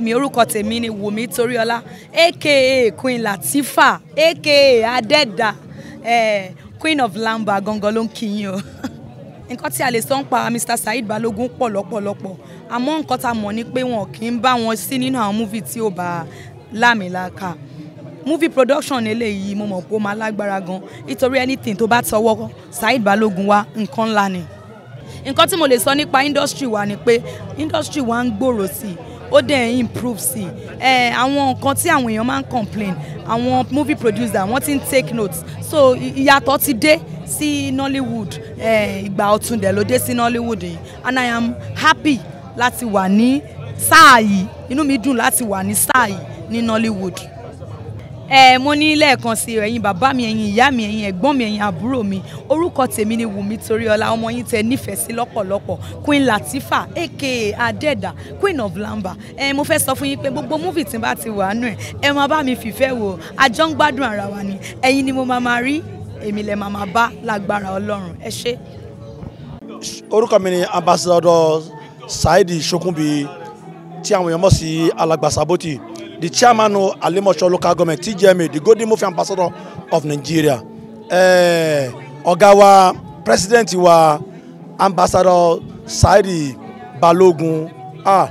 èmi orúkọ tèmi ni Wùmí Toríọlá aka Queen Latifa aka Adẹ́dà eh, Queen of Lamba gangan ló ń kíyìn o nǹkan tí a lè sọ ń pa Mr Saheed Balogun pọ̀ lọ́pọ̀lọpọ̀ àmọ́ nǹkan tá a mọ̀ ni pé wọn kì í bá wọn sí nínú àwọn múvì tí ò bá lámìlaka múvì production eléyìí mo mọ̀ pé ó máa lágbára gan nítorí anything tó bá tọwọ́ Saheed Balogun wa nǹkan ńlá ni nǹkan tí mo lè sọ nípa industry wa ni pé industry wa ń gbòòrò sí i ó dẹ̀ improve sí ẹ àwọn nǹkan tí àwọn èèyàn máa ń complain àwọn movie producer wọ́n ti ń take notes so ìyàtọ̀ ti dé sí Nollywood ìgbà ọ̀tun dẹ̀ ló dé sí Nollywood yìí and I am happy láti wà ní sáà yìí inú mi dùn láti wà ní sáà yìí ní Nollywood ẹ mo ní lẹ́ẹ̀kan sí ẹ̀yin bàbá mi ẹ̀yin ìyá mi ẹ̀yin ẹ̀gbọ́n mi ẹ̀yin àbúrò mi orúkọ tèmi ni Wùmí Toríọlá ọmọ yín tẹ nífẹ̀ẹ́ sí lọ́pọ̀lọpọ̀ Queen Latifah aka Adẹ́dà Queen of Lamba ẹ mo fẹ́ sọ fún yín pé gbogbo múfì tí n bá ti wà nù ẹ ẹ máa bá mi fìfẹ́ wò àjọ ń gbádùn ara wa ni ẹ̀yin ni mo máa máa rí èmi lẹ máa máa bá lágbára Ọlọ́run ẹ ṣé. orúkọ mi ni ambassador Saidi Sokunbi tí àwọn èèyàn mọ̀ sí Alàgbà Saboti the chairman of Alimosho local government TGMA the golden movie ambassador of Nigeria eh, ọ̀gá eh, wa president wa ambassador Saidi Balogun ah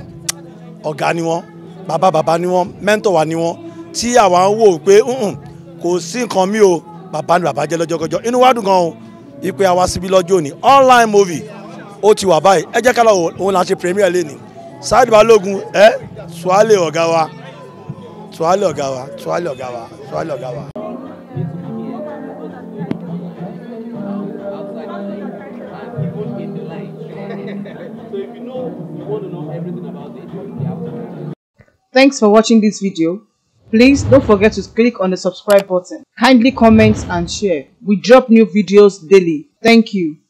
ọ̀gá Baba Baba bàbá mentor wa Tia Wanwo, tí àwa ń wò pé kò sí nǹkan mi o bàbá ni bàbá jẹ́ lọ́jọ́kọjọ́ online movie Oti Wabai. wà báyìí ẹ jẹ́ premier Lini. Saidi Balogun ẹ eh? Suale ọ̀gá wa. swallow gawa, swallow gawa, swallow gawa. Thanks for watching this video. Please don't forget to click on the subscribe button. Kindly comment and share. We drop new videos daily. Thank you.